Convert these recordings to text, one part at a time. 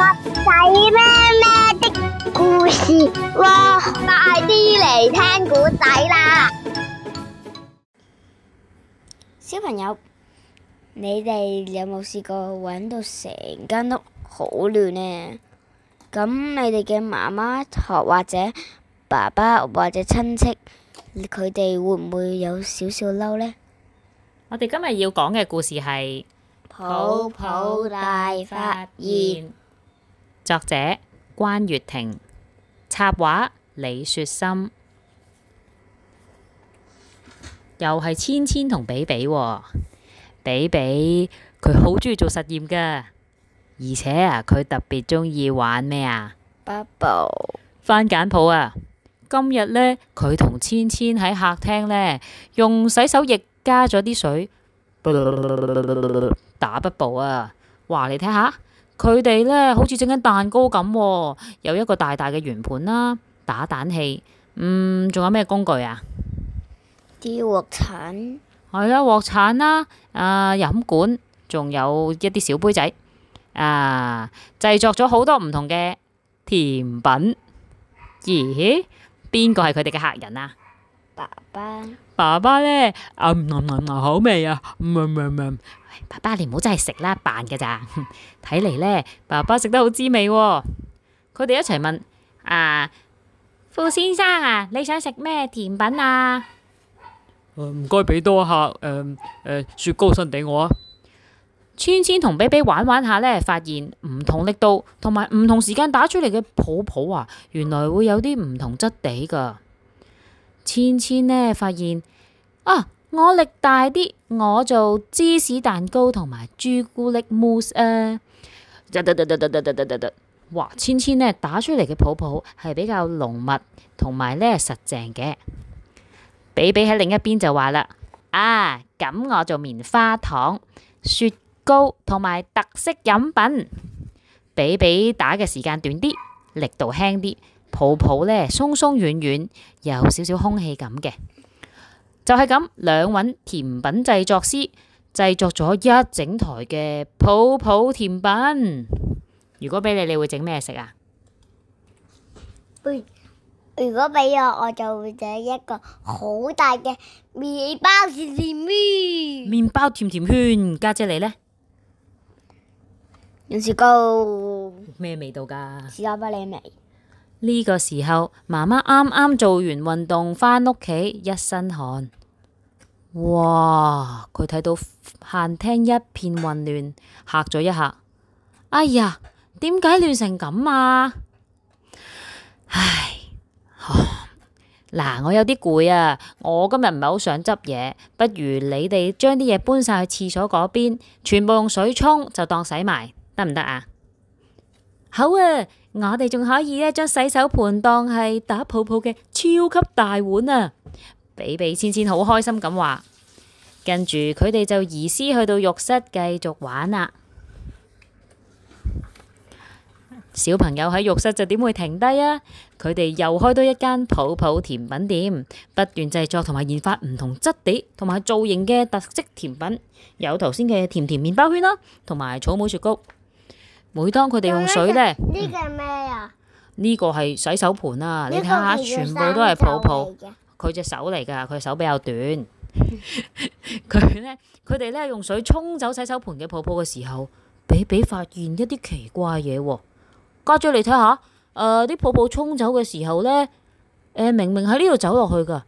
仔咩咩的故事喎！快啲嚟聽古仔啦，小朋友，你哋有冇試過玩到成間屋好亂呢？咁你哋嘅媽媽學或者爸爸或者親戚，佢哋會唔會有少少嬲呢？我哋今日要講嘅故事係《泡泡大發現》。作者關月婷，插畫李雪心，又係千千同比比、哦、比比佢好中意做實驗噶，而且啊，佢特別中意玩咩啊？bubble 翻簡譜啊！今日呢，佢同千千喺客廳呢，用洗手液加咗啲水，打 bubble 啊！哇，你睇下。佢哋咧好似整緊蛋糕咁，哦，有一個大大嘅圓盤啦，打蛋器，嗯，仲有咩工具啊？啲鑊鏟係啦，鑊鏟啦，啊，飲管，仲有一啲小杯仔，啊，製作咗好多唔同嘅甜品。咦？邊個係佢哋嘅客人啊？爸爸，爸爸咧啊，聞聞聞好味啊，聞聞爸爸，你唔好真係食啦，扮噶咋？睇嚟咧，爸爸食得好滋味。佢哋一齊問啊，傅先生啊，你想食咩甜品啊？唔該、嗯，俾多一客、嗯嗯、雪糕身俾我啊！芊芊同比比玩玩，玩下咧，發現唔同力度同埋唔同時間打出嚟嘅泡泡啊，原來會有啲唔同質地噶。芊芊呢發現啊，我力大啲，我做芝士蛋糕同埋朱古力 mousse 啊！哇、啊，芊芊呢打出嚟嘅泡泡係比較濃密，同埋呢實淨嘅。比比喺另一邊就話啦，啊，咁我做棉花糖、雪糕同埋特色飲品。比比打嘅時間短啲，力度輕啲。泡泡呢，鬆鬆軟軟，有少少空氣感嘅，就係咁。兩位甜品製作師製作咗一整台嘅泡泡甜品。如果俾你，你會整咩食啊？如果俾我，我就會整一個好大嘅麵包甜甜圈。麵包甜甜圈，家姐你呢？有雪糕，咩味道噶？士多啤梨味。呢個時候，媽媽啱啱做完運動返屋企，一身汗。哇！佢睇到客廳一片混亂，嚇咗一嚇。哎呀，點解亂成咁啊？唉，嗱，我有啲攰啊，我今日唔係好想執嘢，不如你哋將啲嘢搬晒去廁所嗰邊，全部用水沖，就當洗埋，得唔得啊？好啊！我哋仲可以咧，將洗手盤當係打泡泡嘅超級大碗啊！比比芊芊好開心咁話，跟住佢哋就移師去到浴室繼續玩啦、啊。小朋友喺浴室就點會停低啊？佢哋又開多一間泡泡甜品店，不斷製作同埋研發唔同質地同埋造型嘅特色甜品，有頭先嘅甜甜麵包圈啦、啊，同埋草莓雪糕。每當佢哋用水咧，呢個係咩啊？呢個係洗手盆啊！你睇下，全部都係泡泡。佢隻手嚟噶，佢手比較短。佢咧，佢哋咧用水沖走洗手盆嘅泡泡嘅時候，比比發現一啲奇怪嘢喎。家姐，你睇下，誒、呃，啲泡泡沖走嘅時候咧，誒、呃，明明喺呢度走落去噶，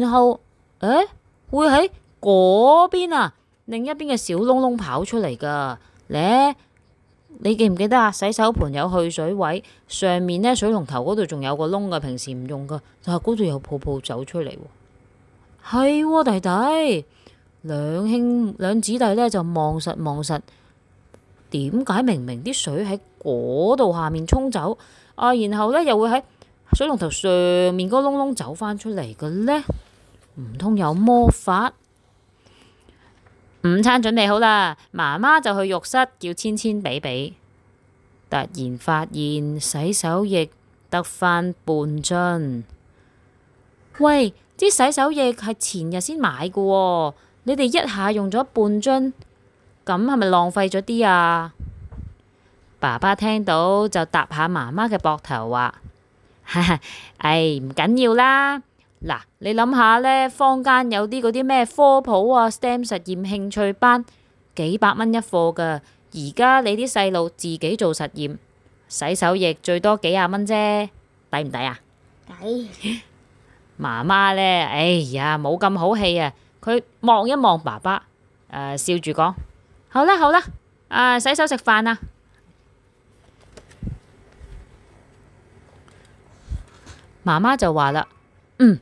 然後誒、欸，會喺嗰邊啊，另一邊嘅小窿窿跑出嚟噶咧。你記唔記得啊？洗手盆有去水位，上面咧水龍頭嗰度仲有個窿嘅，平時唔用噶，但係嗰度有泡泡走出嚟喎。係喎，弟弟，兩兄兩姊弟咧就望實望實，點解明明啲水喺嗰度下面沖走，啊，然後咧又會喺水龍頭上面嗰個窿窿走翻出嚟嘅咧？唔通有魔法？午餐準備好啦，媽媽就去浴室叫芊芊比比。突然發現洗手液得翻半樽。喂，啲洗手液係前日先買嘅，哦，你哋一下用咗半樽，咁係咪浪費咗啲啊？爸爸聽到就搭下媽媽嘅膊頭話：哈哈，唉，唔、哎、緊要啦。嗱，你諗下咧，坊間有啲嗰啲咩科普啊、STEM 實驗興趣班，幾百蚊一課噶。而家你啲細路自己做實驗，洗手液最多幾廿蚊啫，抵唔抵啊？抵、哎。媽媽咧，哎呀，冇咁好氣啊！佢望一望爸爸，誒、呃，笑住講：「好啦好啦，啊、呃，洗手食飯啊！」媽媽就話啦。嗯，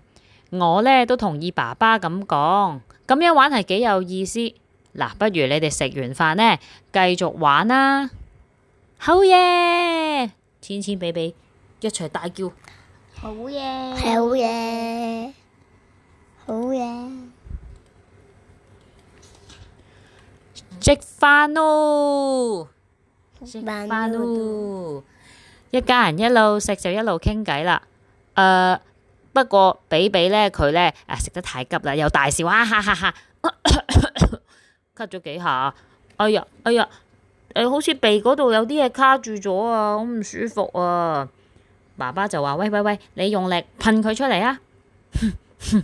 我呢都同意爸爸咁講，咁樣玩係幾有意思。嗱，不如你哋食完飯呢，繼續玩啦。好嘢！芊芊比比一齊大叫。好嘢耶！好嘢！好嘢！食飯咯！食飯咯！一家人一路食就一路傾偈啦。誒、呃。不過比比咧，佢咧，誒食得太急啦，又大笑啊！哈，哈哈哈！咳咗幾下，哎呀，哎呀，誒、呃，好似鼻嗰度有啲嘢卡住咗啊，好唔舒服啊！爸爸就話：喂喂喂，你用力噴佢出嚟啊！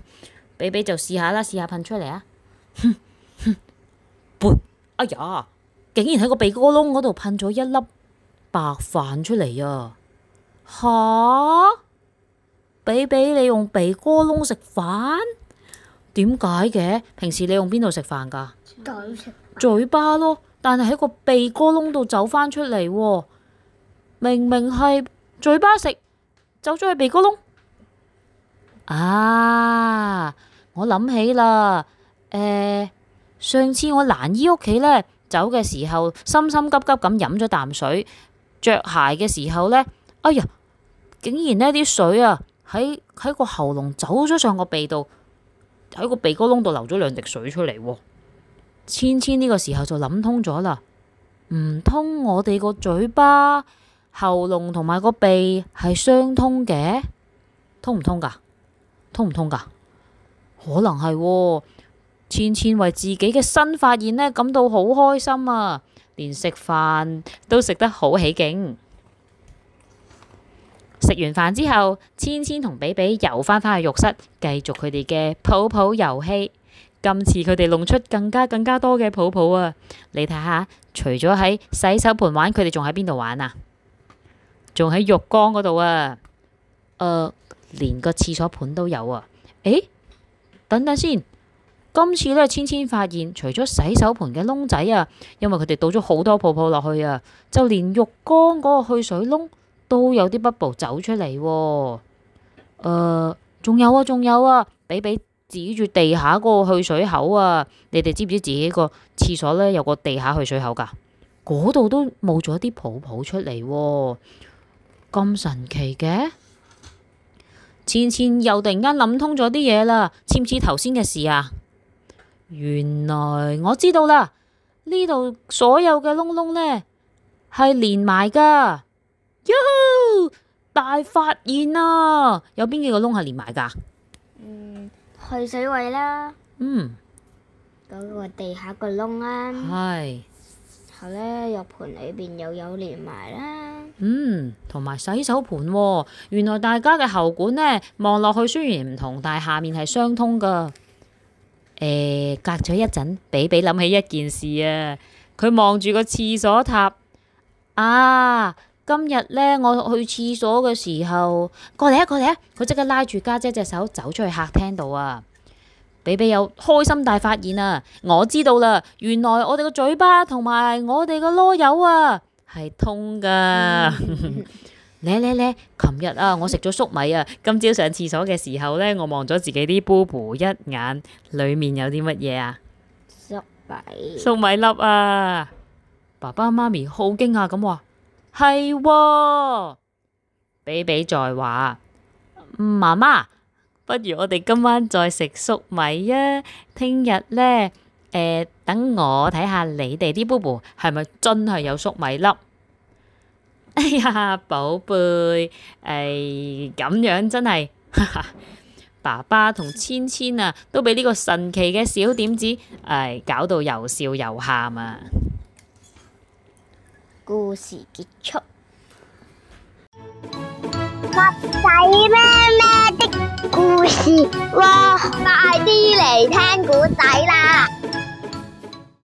比比就試下啦，試下噴出嚟啊！哼哼，噗！哎呀，竟然喺個鼻哥窿嗰度噴咗一粒白飯出嚟啊！吓！比比，你用鼻哥窿食飯，點解嘅？平時你用邊度食飯㗎？飯，嘴巴食咯，但係喺個鼻哥窿度走翻出嚟喎。明明係嘴巴食，走咗去鼻哥窿。啊！我諗起啦，誒、呃、上次我蘭姨屋企呢，走嘅時候心心急急咁飲咗啖水，着鞋嘅時候呢，哎呀，竟然呢啲水啊！喺喺個喉嚨走咗上個鼻度，喺個鼻哥窿度流咗兩滴水出嚟喎。芊芊呢個時候就諗通咗啦，唔通我哋個嘴巴、喉嚨同埋個鼻係相通嘅？通唔通㗎？通唔通㗎？可能係喎、啊。芊芊為自己嘅新發現呢感到好開心啊，連食飯都食得好起勁。食完飯之後，芊芊同比比遊翻返去浴室，繼續佢哋嘅泡泡遊戲。今次佢哋弄出更加更加多嘅泡泡啊！你睇下，除咗喺洗手盤玩，佢哋仲喺邊度玩啊？仲喺浴缸嗰度啊！誒、呃，連個廁所盤都有啊！誒、欸，等等先。今次咧，芊芊發現，除咗洗手盤嘅窿仔啊，因為佢哋倒咗好多泡泡落去啊，就連浴缸嗰個去水窿，都有啲 bubble 走出嚟喎、哦，呃，仲有啊，仲有啊，比比指住地下嗰個去水口啊，你哋知唔知自己個廁所呢？有個地下去水口噶？嗰度都冇咗啲泡泡出嚟喎、哦，咁神奇嘅！芊芊又突然間諗通咗啲嘢啦，似唔似頭先嘅事啊？原來我知道啦，呢度所有嘅窿窿呢，係連埋噶。有大發現啊！有邊幾個窿係連埋㗎、嗯？去水位啦。嗯。嗰個地下個窿啊。係是。係咧，浴盆裏邊又有連埋啦。嗯，同埋洗手盤喎、啊。原來大家嘅喉管呢，望落去雖然唔同，但係下面係相通㗎。誒、欸，隔咗一陣，比比諗起一件事啊！佢望住個廁所塔啊！今日咧，我去廁所嘅時候，過嚟啊，過嚟啊，佢即刻拉住家姐隻手走出去客廳度啊。比比有開心大發現啊！我知道啦，原來我哋個嘴巴同埋我哋個囉柚啊，係通噶。嚟嚟嚟！琴日啊，我食咗粟米啊，今朝上廁所嘅時候咧，我望咗自己啲 poop 一眼，裏面有啲乜嘢啊？粟米。粟米粒啊！爸爸媽咪好驚訝咁話。係喎、哦，比比在話，媽媽，不如我哋今晚再食粟米啊！聽日咧，誒、呃，等我睇下你哋啲 bubble 係咪真係有粟米粒？哎呀，寶貝，誒、哎，咁樣真係，哈哈，爸爸同芊芊啊，都俾呢個神奇嘅小點子，誒、哎，搞到又笑又喊啊！故事結束，襪仔咩咩的故事喎，快啲嚟聽故事啦！